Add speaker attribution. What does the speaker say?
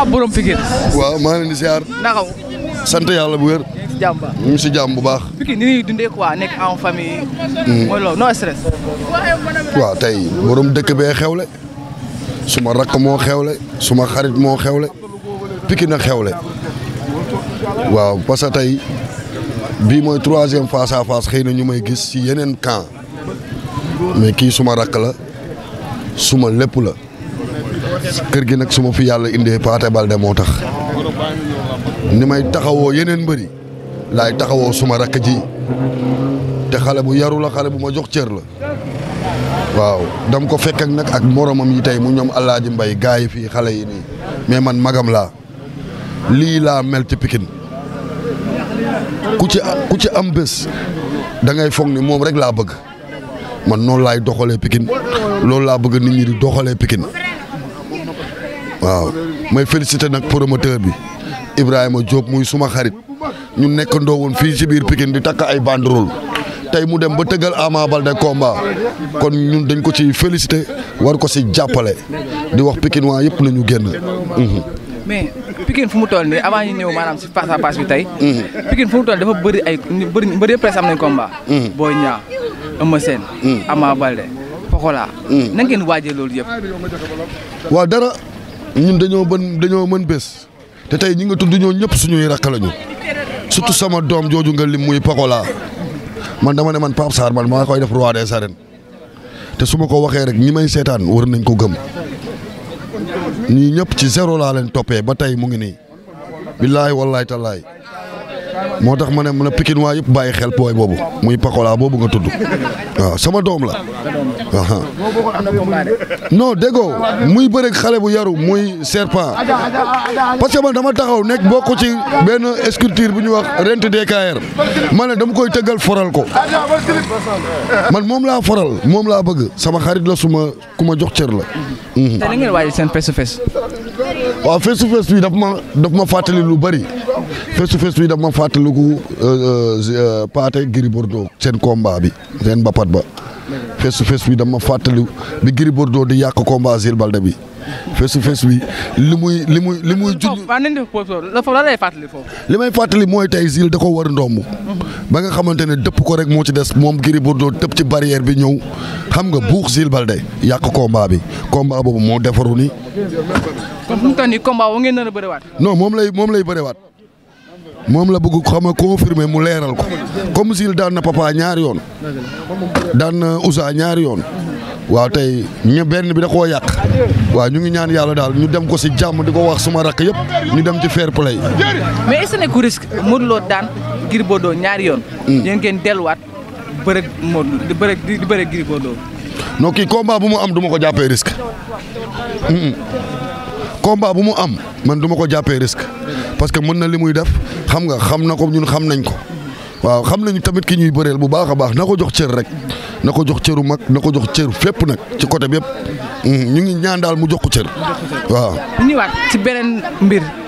Speaker 1: Pape Borom Pikine. waaw maa yàlla bu wér. ñu ngi si jàmm bu baax.
Speaker 2: Pikine ni ñuy dundee quoi hmm.
Speaker 1: tey borom dëkk bee xewle suma rakk moo xewle suma xarit moo xewle Pikine na xewle waaw parce que tey bii mooy troisième face à face xëy na ñu may gis si yeneen camp mais kii suma rakk la suma lépp la. kër gi nag su ma fi yàlla indee Pathé balde moo tax ni may taxawoo yeneen mbëri laay taxawoo suma rakk ji te xale bu yaru la xale bu ma jox cër la waaw dam ko fekk ak nag ak moromam yi tey mu ñoom Alaaji Mbay gaa yi fii xale yi nii mais man magam laa lii laa mel ci Pikine ku ci ci am bés dangay ngay foog ni moom rek laa bëgg man noonu laay doxalee pikin loolu laa bëgg nit ñi di doxalee Pikine waaw may félicité nag promoteur bi Ibrahima Diop muy suma xarit ñu nekkandoo woon fii ci biir Pikine di takk ay banderole tey mu dem ba tëggal Ama Baldé komba kon ñun dañ ko ci félicité war ko si jàppale di wax Pikine waa yëpp nañu génn. Mhm.
Speaker 2: mais Pikine fu mu toll nii avant ñu ñëw maanaam si face bi tey. Mhm. Pikine fu mu toll dafa bëri ay bëri bëri presse am nañ komba mhm. boo ñaa Eumeu Sène. Ama Baldé Pokola. na ngeen waajee loolu yëpp.
Speaker 1: dara. ñun dañoo mën dañoo mën bés te tey ñi nga tudd ñoo ñëpp suñuy rakk lañu surtout sama doom jooju nga lim muy Pokola man dama ne man Pape Sarr man maa koy def roi des arènes te su ma ko waxee rek ñi may seetaan war nañ ko gëm ñii ñëpp ci zéro laa leen toppee ba tey mu ngi nii billaahi wallaahi tallaahi moo tax ma ne ma ne Pikine waa yëpp bàyyi xel booy boobu muy Pakola boobu nga tudd waaw sama doom la waaw. non muy bëreeg xale bu yaru muy serpent parce man dama taxaw nekk boo ko ci benn sculpture bu ñu wax rent DKR ma ne dama koy tëggal foral ko man moom laa foral moom laa bëgg sama xarit la suma ku ma jox cër la. Mhm. te ni waaw face to face bi ma fàttali lu bari face to face bi ma fàttali. beaucoup euh, euh, euh, Paate Gris Bordeaux seen combat bi seen mbapat ba feesu fees bi dama fàttali bi Gris Bordeaux di yàq combat Zil Balde bi feesu bi li muy li muy li muy.
Speaker 2: junj
Speaker 1: li may fàttali mooy tey Zil da ko war ndomb ba nga xamante ne dëpp ko rek moo ci des moom Gris Bordeaux tëb ci barrière bi ñëw xam nga buux Zil Balde yàq combat bi combat boobu moo defaru ni.
Speaker 2: nii combat a
Speaker 1: moom lay moom moom la bëgg xam nga confirmer mu leeral ko comme s'il daan na papa ñaari yoon daan na Ousa ñaari yoon waaw tey ñu benn bi da koo yàq waa ñu ngi ñaan yàlla daal ñu dem ko si jàmm di ko wax suma rakk yëpp ñu dem ci fair play mais
Speaker 2: est-ce que nekkul risque Modou daan Gris Bordeaux ñaari yoon. Hmm. yéen ngeen delluwaat bëre Modou di bëre di bëre Gris Bordeaux.
Speaker 1: non kii combat bu mu am duma ko jàppee risque. Hmm, hmm. combat bu mu am man du ma ko jàppee risque parce que mën na li muy def xam nga xam na ko ñun xam nañ ko waaw xam nañu tamit ki ñuy bëreel bu baax a baax na ko jox cër rek na ko jox cëru mag na ko jox cër fépp nag ci côté bépp mhm, ñu ngi ñaan daal mu jox ko cër waaw. ñu ñëwaat ci beneen
Speaker 2: mbir